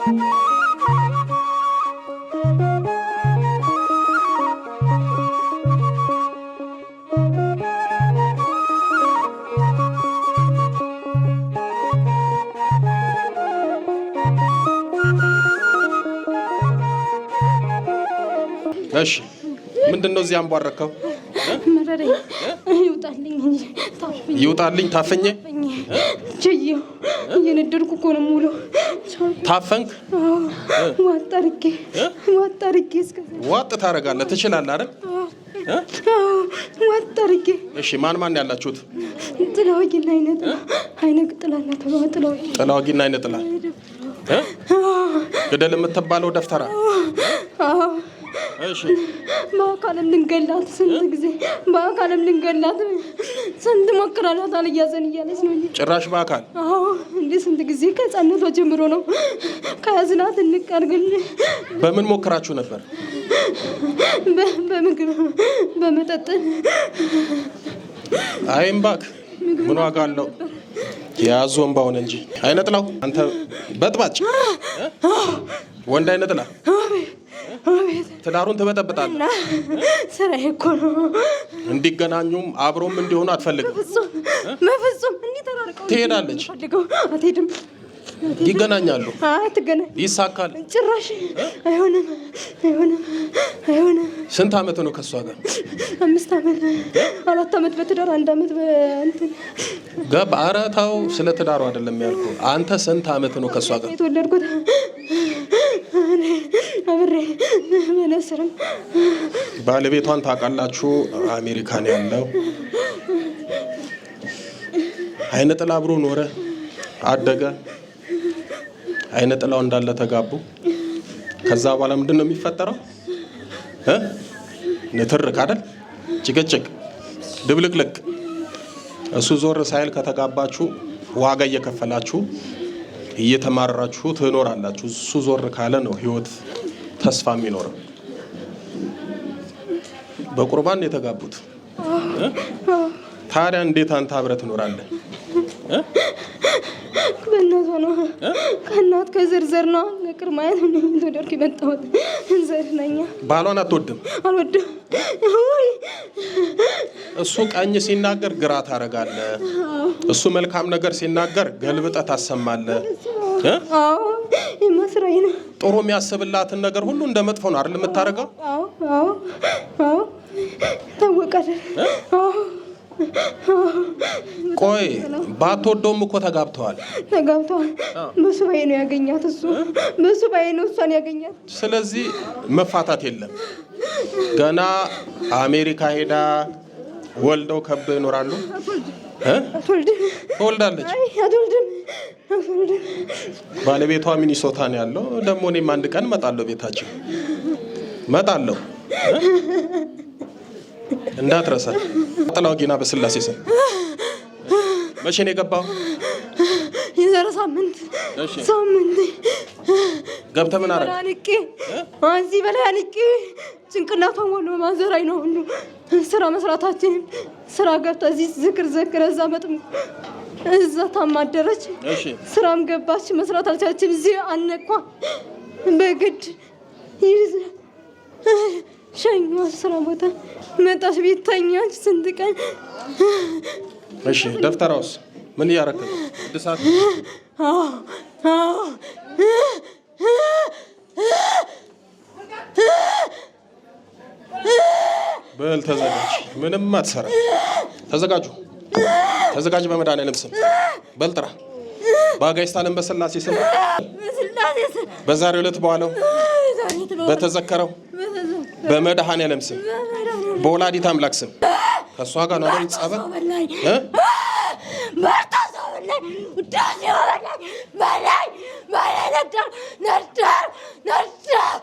እሺ ምንድን ነው እዚህ አንቧረከው? ይውጣልኝ ታፍኜ እየነደድኩ እኮ ነው የምውለው። ታፈንክ? ዋጥ ታደርጋለህ? ትችላለህ አይደል? ዋጥ እሺ፣ ማን ማን ያላችሁት? ጥላወጊና አይነጥላ ጥላወጊና አይነጥላ ገደል የምትባለው ደፍተራ በአካልም ልንገላት ስንት ጊዜ በአካልም ልንገላት ስንት ሞክራላት አልያዘን እያለች ነው። ጭራሽ በአካል አዎ፣ ስንት ጊዜ ከህጻነቷ ጀምሮ ነው ከያዝናት እንቀርግል። በምን ሞክራችሁ ነበር? በምግብ በመጠጥ። አይ እባክህ ምን ዋጋ አለው? የያዙ እምባውን እንጂ አይነጥላው። አንተ በጥባጭ ወንድ አይነጥላ ትዳሩን ትበጠብጣለህ። ስራዬ እኮ ነው። እንዲገናኙም አብሮም እንዲሆኑ አትፈልግም። በፍጹም ትሄዳለች። አትሄድም። ይገናኛሉ። ይሳካል። ጭራሽ አይሆንም፣ አይሆንም፣ አይሆንም። ስንት አመት ነው ከእሷ ጋር? አምስት አመት፣ አራት አመት በትዳር አንድ አመት በእንትን ገባ። ኧረ ተው፣ ስለ ትዳሩ አይደለም ያልኩ። አንተ ስንት አመት ነው ከእሷ ጋር የተወለድኩት? አብሬ መነስርም ባለቤቷን ታውቃላችሁ? አሜሪካን ያለው አይነ ጥላ አብሮ ኖረ አደገ። አይነ ጥላው እንዳለ ተጋቡ። ከዛ በኋላ ምንድን ነው የሚፈጠረው? ንትርክ አይደል? ጭቅጭቅ፣ ድብልቅልቅ። እሱ ዞር ሳይል ከተጋባችሁ ዋጋ እየከፈላችሁ እየተማረራችሁ ትኖራላችሁ። እሱ ዞር ካለ ነው ህይወት ተስፋ የሚኖረው። በቁርባን የተጋቡት ታዲያ እንዴት አንተ አብረህ ትኖራለህ? ከእናት ነው ከእናት ከዘርዘር ነው ነቅር ማየት ነው። ተደርክ የመጣሁት ዘር ነኛ። ባሏን አትወድም? አልወድም እሱ ቀኝ ሲናገር ግራ ታረጋለ። እሱ መልካም ነገር ሲናገር ገልብጠ ታሰማለ። ጥሩ የሚያስብላትን ነገር ሁሉ እንደ መጥፎ ነው አይደል የምታደርገው? ቆይ ባትወደውም እኮ ተጋብተዋል። ተጋብተዋል በሱባኤ ነው ያገኛት። እሱ በሱባኤ ነው እሷን ያገኛት። ስለዚህ መፋታት የለም ገና አሜሪካ ሄዳ ወልደው ከብደው ይኖራሉ። ትወልዳለች። ባለቤቷ ሚኒሶታ ነው ያለው። ደግሞ እኔም አንድ ቀን እመጣለሁ፣ ቤታችን እመጣለሁ፣ እንዳትረሳ። ጥላው ጊና በስላሴ ስም መቼ ነው የገባው? ነበረ ሳምንት ሳምንት ገብተህ ምን አንቄ እዚህ በላይ አንቄ ጭንቅላቷን ወሎ ነው ሁሉ ስራ ስራ ገብታ እዚህ ዝክር ዘክረ እዛ መጥም እዛ ታማደረች ስራም ገባች መስራት አልቻለችም። እዚህ አነኳ በግድ ስራ ቦታ መጣች ቤት ተኛች ስንት ቀን። እሺ ምን እያረክ ነው? እድሳት በል ተዘጋጅ። ምንም አትሰራ። ተዘጋጁ፣ ተዘጋጅ። በመድኃኒዓለም ስም በል ጥራ። በአጋዕዝተ ዓለም በሥላሴ ስም በዛሬው ዕለት በኋላው በተዘከረው በመድኃኒዓለም ስም በወላዲት አምላክ ስም ከእሷ ጋር ነው ጸበል መርጦ ሰውልኝ ውዳሴ ሆነኝ በላይ በላይ ነደር ነደር ነደር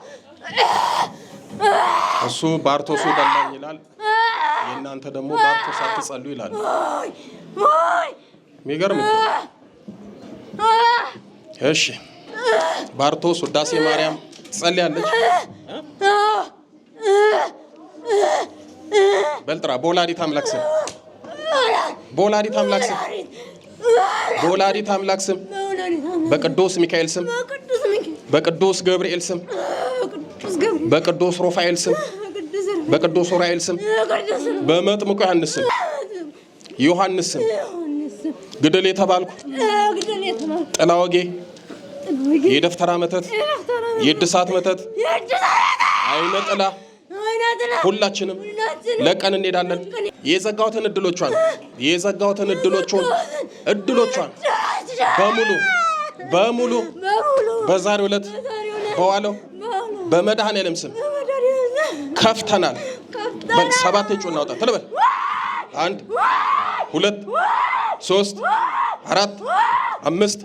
እሱ ባርቶሱ በላኝ ይላል። የእናንተ ደግሞ ባርቶስ አትጸሉ ይላል። የሚገርም እሺ። ባርቶስ ውዳሴ ማርያም ትጸልያለች። በልጥራ በወላዲት አምላክ ስም በወላዲት አምላክ ስም በወላዲት አምላክ ስም በቅዱስ ሚካኤል ስም በቅዱስ ገብርኤል ስም በቅዱስ ሮፋኤል ስም በቅዱስ ኡራኤል ስም በመጥምቁ ዮሐንስ ስም ዮሐንስ ስም ግደል የተባልኩ ጥላ ወጌ የደፍተራ መተት የእድሳት መተት አይነ ጥላ ሁላችንም ለቀን እንሄዳለን። የዘጋሁትን እድሎቿን የዘጋሁትን እድሎቿን እድሎቿን በሙሉ በሙሉ በዛሬው ዕለት በዋለው በመድኃኔዓለም ስም ከፍተናል። ሰባት እጩ እናውጣ ትልበል። አንድ ሁለት ሶስት አራት አምስት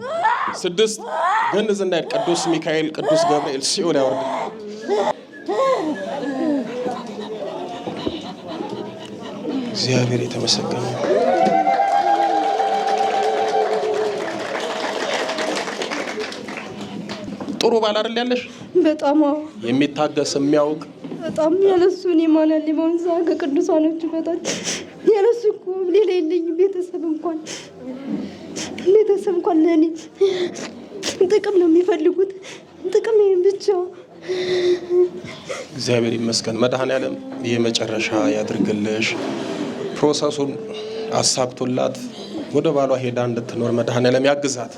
ስድስት ገንዝ እንዳይል ቅዱስ ሚካኤል ቅዱስ ገብርኤል ሲኦል ያወርድ እግዚአብሔር የተመሰገነ ነው። ጥሩ ባል አይደል ያለሽ? በጣም የሚታገስ የሚያውቅ በጣም ያለሱ እኔ ማን ያለ ማንሳ ከቅዱሳኖቹ በታች ያለሱ እኮ ሌላ የለኝ። ቤተሰብ እንኳን ቤተሰብ እንኳን ለእኔ ጥቅም ነው የሚፈልጉት፣ ጥቅም ብቻ። እግዚአብሔር ይመስገን። መድኃኔዓለም የመጨረሻ ያድርግልሽ። ፕሮሰሱን አሳክቶላት ወደ ባሏ ሄዳ እንድትኖር መድኃኔዓለም ያግዛት።